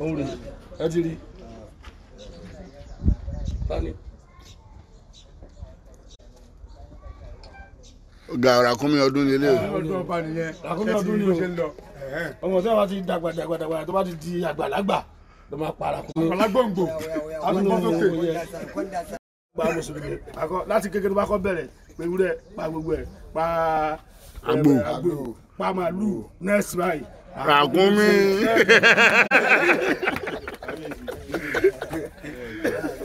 òun rè ẹ ti rí tani. ga ràkúnmí ọdún nílé o. ọdún ọba nìyẹn ràkúnmí ọdún ni ọmọ tí wọn bá ti dàgbà dàgbà dàgbà tó bá ti di àgbàlagbà ló máa pa ràkúnmí. àgbàlagbòǹgbò àgbàgbọ́ sókè gba mùsùlùmí láti kékeré bá kọ́ bẹ̀rẹ̀ pẹ̀lú rẹ̀ pa gbogbo ẹ̀ pa àgbò. Eh, pa màálù nẹ́ẹ̀sì báyìí.